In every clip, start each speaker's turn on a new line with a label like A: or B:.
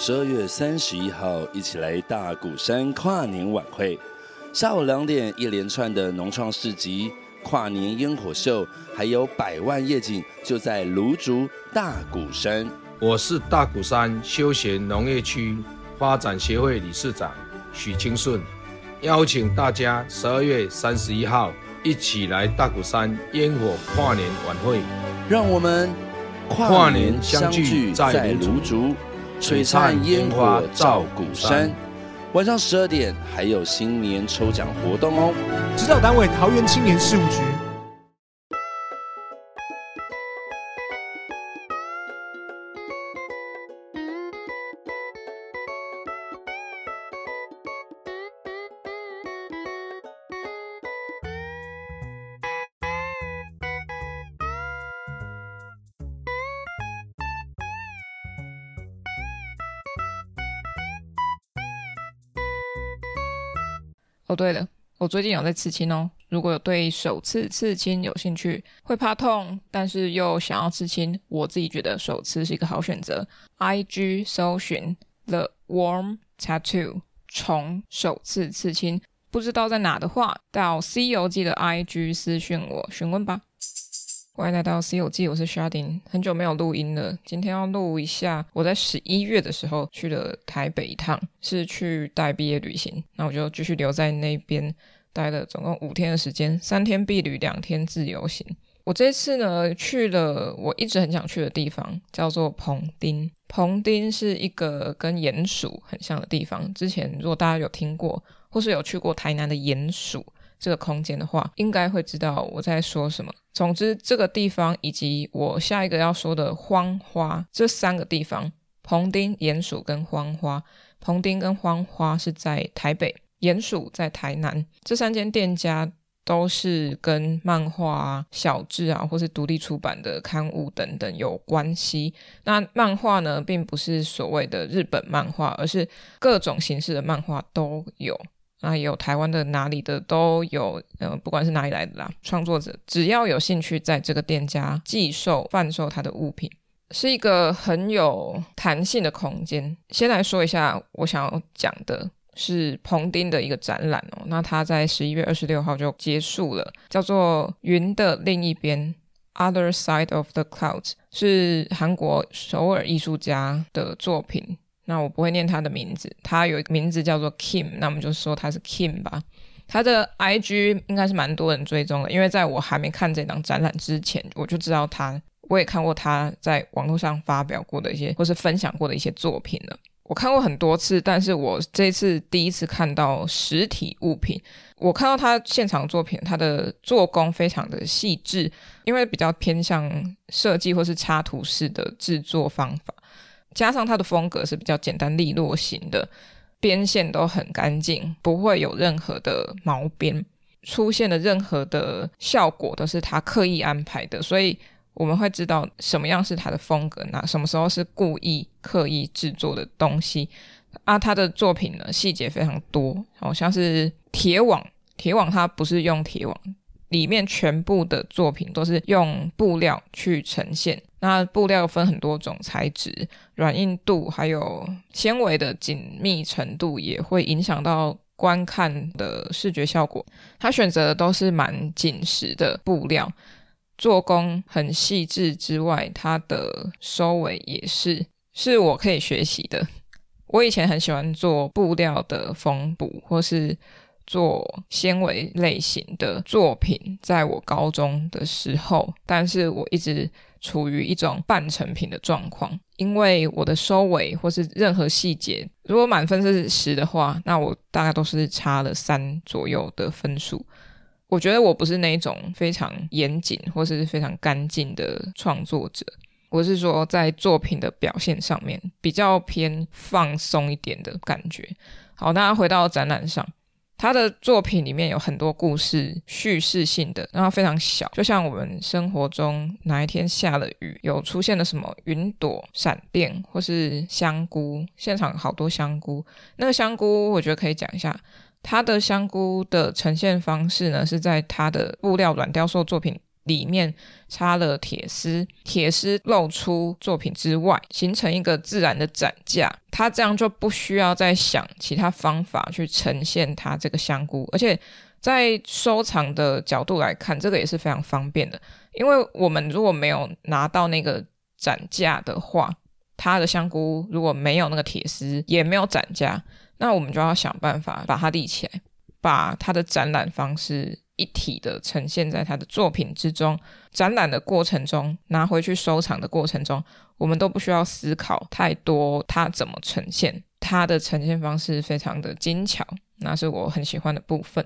A: 十二月三十一號，一起來大古山跨年晚會。下午兩點，一連串的農創市集、跨年煙火秀，還有百萬夜景，就在蘆竹大古山。我是大古山休閒農業區發展協會理事長許清順，邀請大家十二月三十一號一起來大古山煙火跨年晚會。讓我們跨年相聚在蘆竹。璀璨煙火照古山，晚上十二點還有新年抽獎活動哦。指導單位：桃園青年事務局。哦、oh,，對了，我最近有在刺青哦。如果有對手刺刺青有興趣，會怕痛，但是又想要刺青，我自己覺得手刺是一個好選擇。IG 搜尋 The Warm Tattoo，蟲手刺刺青。不知道在哪的話，到 C 游記的 IG 私訊我詢問吧。歡迎來到 C 遊記，我是 Chardin，很久沒有錄音了。今天要錄一下我在十一月的時候去了台北一趟，是去帶畢業旅行。那我就繼續留在那邊待了總共五天的時間，三天畢旅，兩天自由行。我這次呢，去了我一直很想去的地方，叫做朋丁。朋丁是一個跟鼴鼠很像的地方。之前如果大家有聽過或是有去過台南的鼴鼠這個空間的話，應該會知道我在說什麼。總之，這個地方以及我下一個要說的荒花這三個地方，朋丁、鼴鼠跟荒花，朋丁跟荒花是在台北，鼴鼠在台南。這三間店家都是跟漫畫啊、小志啊，或是獨立出版的刊物等等有關係。那漫畫呢，並不是所謂的日本漫畫，而是各種形式的漫畫都有。啊，有台灣的、哪裡的都有，呃，不管是哪裡來的啦，創作者只要有興趣，在這個店家寄售販售他的物品，是一個很有彈性的空間。先來說一下，我想要講的是朋丁的一個展覽哦，那他在十一月二十六號就結束了，叫做《雲的另一邊》（Other Side of the Clouds），是韓國首爾藝術家的作品。那我不會念他的名字，他有一個名字叫做 Kim，那我們就說他是 Kim 吧。他的 IG 應該是蠻多人追蹤的，因為在我還沒看這檔展覽之前，我就知道他，我也看過他在網絡上發表過的一些或是分享過的一些作品了。我看過很多次，但是我這次第一次看到實體物品。我看到他現場作品，他的做工非常的細緻，因為比較偏向設計或是插圖式的製作方法。加上他的風格是比較簡單利落型的，邊線都很乾淨，不會有任何的毛邊出現的任何的效果都是他刻意安排的，所以我們會知道什麼樣是他的風格，那什麼時候是故意刻意製作的東西啊？他的作品呢，細節非常多，好像是鐵網，鐵網它不是用鐵網。裡面全部的作品都是用布料去呈現，那布料分很多種材質、軟硬度，還有纖維的緊密程度也會影響到觀看的視覺效果。他選擇的都是蠻緊實的布料，做工很細緻之外，它的收尾也是是我可以學習的。我以前很喜歡做布料的縫補，或是，做纖維類型的作品，在我高中的時候，但是我一直處於一種半成品的狀況，因為我的收尾或是任何細節，如果滿分是十的話，那我大概都是差了三左右的分數。我覺得我不是那一種非常嚴謹或是非常乾淨的創作者，我是說在作品的表現上面比較偏放鬆一點的感覺。好，那回到展覽上。他的作品裡面有很多故事敘事性的，然後非常小，就像我們生活中哪一天下了雨，有出現了什麼雲朵、閃電，或是香菇。現場好多香菇，那個香菇我覺得可以講一下。他的香菇的呈現方式呢，是在他的布料軟雕塑作品裡面插了鐵絲，鐵絲露出作品之外，形成一個自然的展架。它這樣就不需要再想其他方法去呈現它這個香菇，而且在收藏的角度來看，這個也是非常方便的。因為我們如果沒有拿到那個展架的話，它的香菇如果沒有那個鐵絲，也沒有展架，那我們就要想辦法把它立起來，把它的展覽方式。一體的呈現在他的作品之中，展覽的過程中，拿回去收藏的過程中，我們都不需要思考太多，他怎麼呈現，他的呈現方式非常的精巧，那是我很喜歡的部分。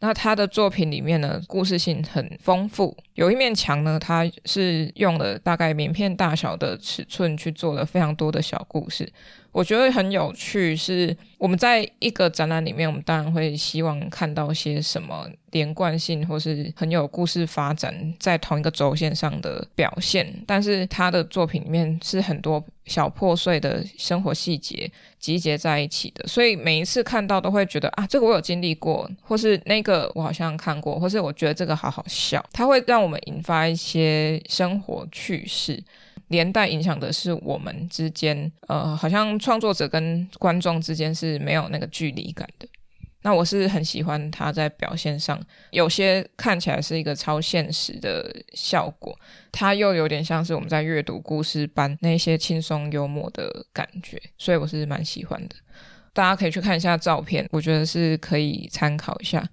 A: 那他的作品裡面呢，故事性很豐富，有一面牆呢，他是用了大概名片大小的尺寸去做了非常多的小故事。我覺得很有趣，是我們在一個展覽裡面，我們當然會希望看到些什麼連貫性，或是很有故事發展，在同一個軸線上的表現。但是他的作品裡面是很多小破碎的生活細節集結在一起的，所以每一次看到都會覺得啊，這個我有經歷過，或是那個我好像看過，或是我覺得這個好好笑。他會讓我們引發一些生活趣事。連帶影響的是我們之間，呃，好像創作者跟觀眾之間是沒有那個距離感的。那我是很喜歡他在表現上，有些看起來是一個超現實的效果，他又有點像是我們在閱讀故事般，那些輕鬆幽默的感覺，所以我是蠻喜歡的。大家可以去看一下照片，我覺得是可以參考一下。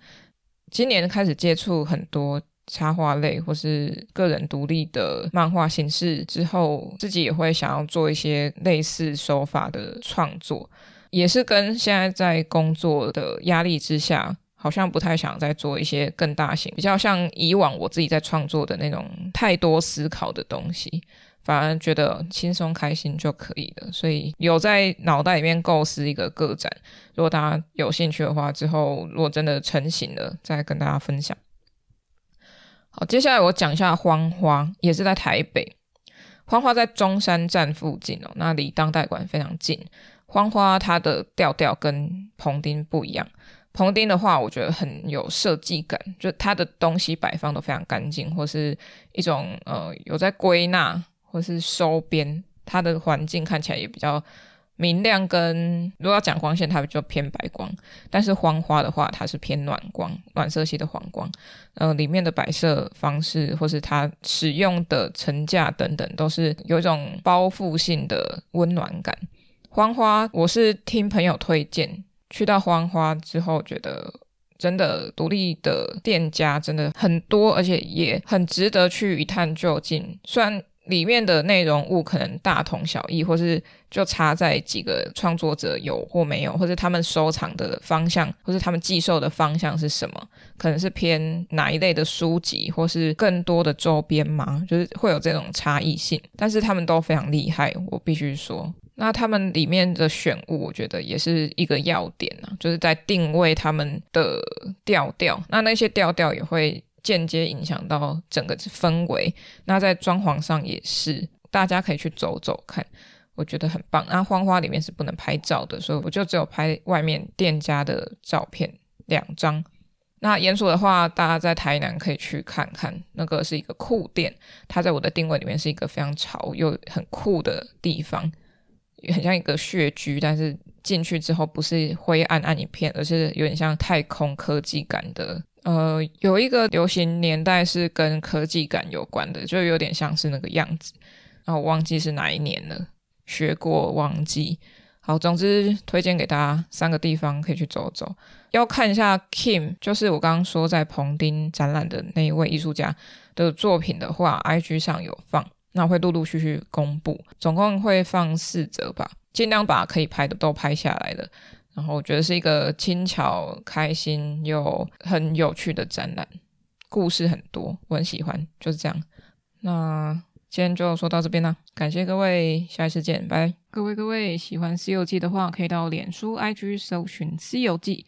A: 今年開始接觸很多，插畫類或是個人獨立的漫畫形式之後，自己也會想要做一些類似手法的創作，也是跟現在在工作的壓力之下，好像不太想再做一些更大型、比較像以往我自己在創作的那種太多思考的東西，反而覺得輕鬆開心就可以了。所以有在腦袋裡面構思一個個展，如果大家有興趣的話，之後如果真的成型了，再跟大家分享。好，接下來我講一下荒花，也是在台北。荒花在中山站附近哦，那離當代館非常近。荒花它的調調跟朋丁不一樣。朋丁的話，我覺得很有設計感，就它的東西擺放都非常乾淨，或是一種呃有在歸納或是收編，它的環境看起來也比較。明亮跟，如果要講光線，它比較偏白光；但是荒花的話，它是偏暖光，暖色系的黃光。呃，裡面的擺設方式，或是它使用的層架等等，都是有一種包覆性的溫暖感。荒花，我是聽朋友推薦去到荒花之後，覺得真的獨立的店家真的很多，而且也很值得去一探究竟。雖然裡面的內容物可能大同小異，或是就差在幾個創作者有或沒有，或是他們收藏的方向，或是他們寄售的方向是什麼，可能是偏哪一類的書籍，或是更多的周邊嗎？就是會有這種差異性，但是他們都非常厲害，我必須說。那他們裡面的選物，我覺得也是一個要點啊，就是在定位他們的調調。那那些調調也會間接影響到整個氛圍，那在裝潢上也是，大家可以去走走看，我覺得很棒。那荒花裡面是不能拍照的，所以我就只有拍外面店家的照片兩張。那鹽所的話，大家在台南可以去看看，那個是一個酷店，它在我的定位裡面是一個非常潮又很酷的地方，很像一個穴居，但是進去之後不是灰暗暗一片，而是有點像太空科技感的。呃，有一個流行年代是跟科技感有關的，就有點像是那個樣子。然、啊、我忘記是哪一年了，學過忘記。好，總之推薦給大家三個地方可以去走走，要看一下 Kim，就是我剛剛說在朋丁展覽的那一位藝術家的作品的話，IG 上有放，那我會陸陸續，續續公布，總共會放四則吧，盡量把可以拍的都拍下來了。然後我覺得是一個輕巧、開心又很有趣的展覽，故事很多，我很喜歡，就是這樣。那今天就說到這邊啦，感謝各位，下一次見，拜。各位各位，喜歡 C 遊記的話，可以到臉書、IG 搜尋、C 遊記。